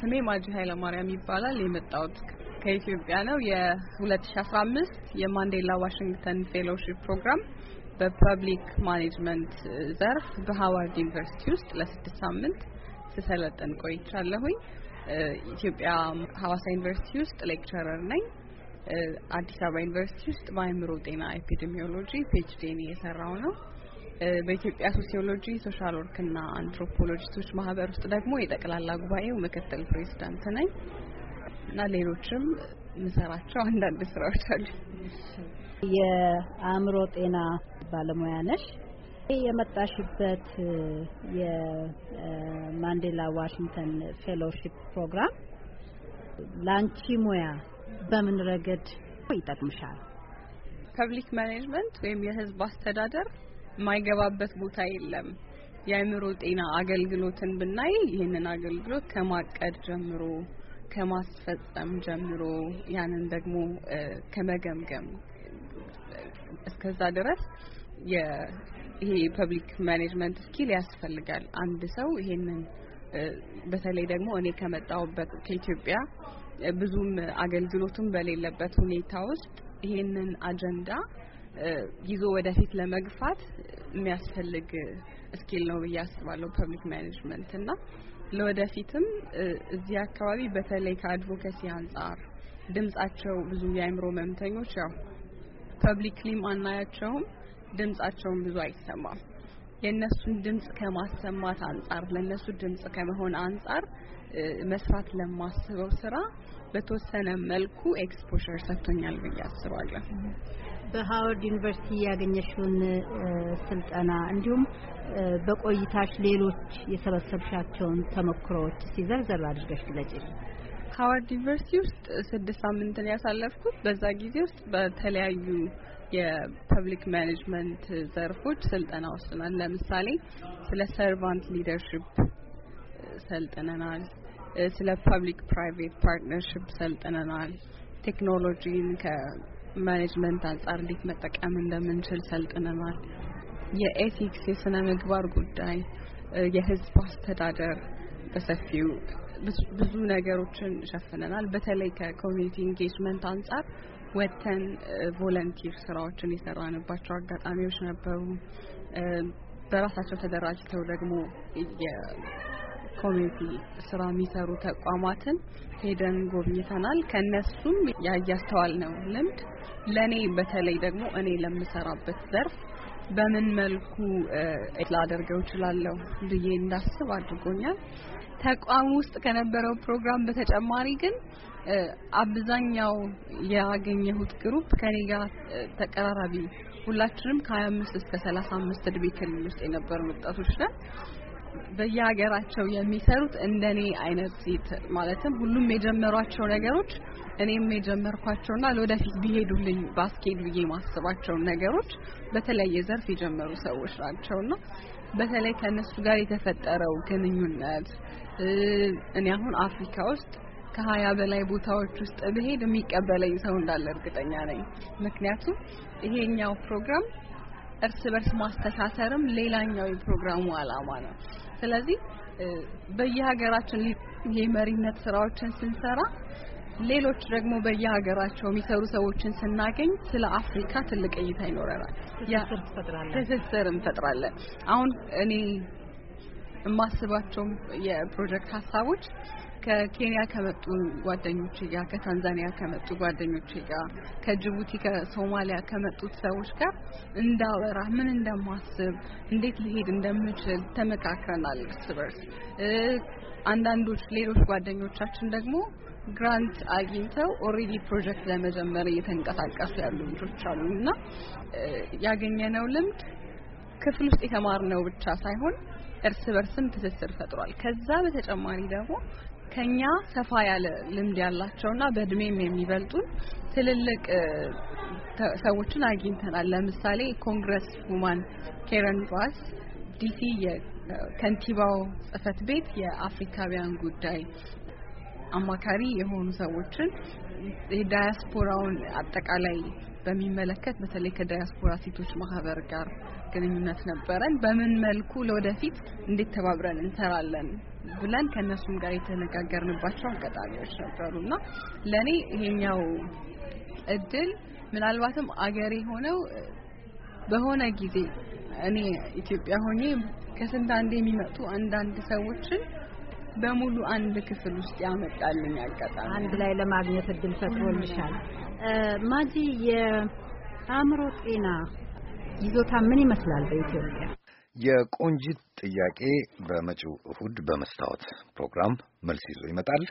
ስሜ ማጂ ኃይለማርያም ይባላል። የመጣሁት ከኢትዮጵያ ነው። የ2015 የማንዴላ ዋሽንግተን ፌሎውሺፕ ፕሮግራም በፐብሊክ ማኔጅመንት ዘርፍ በሃዋርድ ዩኒቨርሲቲ ውስጥ ለስድስት ሳምንት ስሰለጠን ቆይቻለሁኝ። ኢትዮጵያ ሀዋሳ ዩኒቨርሲቲ ውስጥ ሌክቸረር ነኝ። አዲስ አበባ ዩኒቨርሲቲ ውስጥ በአእምሮ ጤና ኤፒዲሚዮሎጂ ፒኤችዲን እየሰራው ነው። በኢትዮጵያ ሶሲዮሎጂ ሶሻል ወርክና አንትሮፖሎጂስቶች ማህበር ውስጥ ደግሞ የጠቅላላ ጉባኤው ምክትል ፕሬዚዳንት ነኝ እና ሌሎችም ምሰራቸው አንዳንድ ስራዎች አሉ። የአእምሮ ጤና ባለሙያ ነሽ። የመጣሽበት የማንዴላ ዋሽንግተን ፌሎውሺፕ ፕሮግራም ላንቺ ሙያ በምን ረገድ ይጠቅምሻል? ፐብሊክ ማኔጅመንት ወይም የህዝብ አስተዳደር የማይገባበት ቦታ የለም። የአእምሮ ጤና አገልግሎትን ብናይ ይህንን አገልግሎት ከማቀድ ጀምሮ ከማስፈጸም ጀምሮ ያንን ደግሞ ከመገምገም እስከዛ ድረስ ይሄ የፐብሊክ ማኔጅመንት ስኪል ያስፈልጋል። አንድ ሰው ይሄንን በተለይ ደግሞ እኔ ከመጣሁበት ከኢትዮጵያ ብዙም አገልግሎቱም በሌለበት ሁኔታ ውስጥ ይሄንን አጀንዳ ይዞ ወደፊት ለመግፋት የሚያስፈልግ ስኪል ነው ብዬ አስባለሁ ፐብሊክ ማኔጅመንት እና ለወደፊትም እዚህ አካባቢ በተለይ ከአድቮኬሲ አንጻር ድምጻቸው ብዙ የአይምሮ መምተኞች ያው ፐብሊክሊም አናያቸውም፣ ድምጻቸውን ብዙ አይሰማም። የእነሱን ድምጽ ከማሰማት አንጻር ለእነሱ ድምጽ ከመሆን አንጻር መስራት ለማስበው ስራ በተወሰነ መልኩ ኤክስፖሸር ሰጥቶኛል ብዬ አስባለሁ። በሀዋርድ ዩኒቨርሲቲ ያገኘሽውን ስልጠና እንዲሁም በቆይታሽ ሌሎች የሰበሰብሻቸውን ተሞክሮዎች ሲዘርዘር አድርገሽ ግለጪ። ሀዋርድ ዩኒቨርሲቲ ውስጥ ስድስት ሳምንትን ያሳለፍኩት በዛ ጊዜ ውስጥ በተለያዩ የፐብሊክ ማኔጅመንት ዘርፎች ስልጠና ወስደናል። ለምሳሌ ስለ ሰርቫንት ሊደርሽፕ ሰልጥነናል። ስለ ፐብሊክ ፕራይቬት ፓርትነርሽፕ ሰልጥነናል። ቴክኖሎጂን ማኔጅመንት አንጻር እንዴት መጠቀም እንደምንችል ሰልጥነናል። የኤቲክስ የስነ ምግባር ጉዳይ፣ የህዝብ አስተዳደር በሰፊው ብዙ ነገሮችን ሸፍነናል። በተለይ ከኮሚኒቲ ኢንጌጅመንት አንጻር ወጥተን ቮለንቲር ስራዎችን የሰራንባቸው አጋጣሚዎች ነበሩ። በራሳቸው ተደራጅተው ደግሞ ኮሚኒቲ ስራ የሚሰሩ ተቋማትን ሄደን ጎብኝተናል። ከነሱም ነው ልምድ ለእኔ በተለይ ደግሞ እኔ ለምሰራበት ዘርፍ በምን መልኩ ላደርገው እችላለሁ ብዬ እንዳስብ አድርጎኛል። ተቋም ውስጥ ከነበረው ፕሮግራም በተጨማሪ ግን አብዛኛው ያገኘሁት ግሩፕ ከኔ ጋር ተቀራራቢ ሁላችንም ከ25 እስከ 35 ዕድሜ ክልል ውስጥ የነበሩ ወጣቶች ነን። በየሀገራቸው የሚሰሩት እንደኔ አይነት ሴት ማለትም ሁሉም የጀመሯቸው ነገሮች እኔም የጀመርኳቸውና ለወደፊት ቢሄዱልኝ ባስኬድ ብዬ ማስባቸውን ነገሮች በተለያየ ዘርፍ የጀመሩ ሰዎች ናቸውና በተለይ ከእነሱ ጋር የተፈጠረው ግንኙነት እኔ አሁን አፍሪካ ውስጥ ከሀያ በላይ ቦታዎች ውስጥ ብሄድ የሚቀበለኝ ሰው እንዳለ እርግጠኛ ነኝ። ምክንያቱም ይሄኛው ፕሮግራም እርስ በርስ ማስተሳሰርም ሌላኛው የፕሮግራሙ አላማ ነው። ስለዚህ በየሀገራችን የመሪነት ስራዎችን ስንሰራ ሌሎች ደግሞ በየሀገራቸው የሚሰሩ ሰዎችን ስናገኝ ስለ አፍሪካ ትልቅ እይታ ይኖረናል፣ ትስስር እንፈጥራለን። አሁን እኔ የማስባቸው የፕሮጀክት ሀሳቦች ከኬንያ ከመጡ ጓደኞች ጋር፣ ከታንዛኒያ ከመጡ ጓደኞች ጋር፣ ከጅቡቲ ከሶማሊያ ከመጡት ሰዎች ጋር እንዳወራ ምን እንደማስብ እንዴት ልሄድ እንደምችል ተመካክረናል እርስ በርስ። አንዳንዶች ሌሎች ጓደኞቻችን ደግሞ ግራንት አግኝተው ኦሬዲ ፕሮጀክት ለመጀመር እየተንቀሳቀሱ ያሉ ልጆች አሉ እና ያገኘነው ልምድ ክፍል ውስጥ የተማርነው ብቻ ሳይሆን እርስ በርስም ትስስር ፈጥሯል። ከዛ በተጨማሪ ደግሞ ከኛ ሰፋ ያለ ልምድ ያላቸውና በእድሜም የሚበልጡን ትልልቅ ሰዎችን አግኝተናል። ለምሳሌ ኮንግረስ ውማን ኬረን ባስ ዲሲ የከንቲባው ጽህፈት ቤት የአፍሪካውያን ጉዳይ አማካሪ የሆኑ ሰዎችን የዳያስፖራውን አጠቃላይ በሚመለከት በተለይ ከዳያስፖራ ሴቶች ማህበር ጋር ግንኙነት ነበረን። በምን መልኩ ለወደፊት እንዴት ተባብረን እንሰራለን ብለን ከእነሱም ጋር የተነጋገርንባቸው አጋጣሚዎች ነበሩና ለእኔ ይሄኛው እድል ምናልባትም አገሬ ሆነው በሆነ ጊዜ እኔ ኢትዮጵያ ሆኜ ከስንት አንድ የሚመጡ አንዳንድ ሰዎችን በሙሉ አንድ ክፍል ውስጥ ያመጣልኝ አጋጣሚ አንድ ላይ ለማግኘት እድል ፈጥሮልሻል። ማጂ የአእምሮ ጤና ይዞታ ምን ይመስላል በኢትዮጵያ? የቆንጂት ጥያቄ በመጪው እሁድ በመስታወት ፕሮግራም መልስ ይዞ ይመጣል።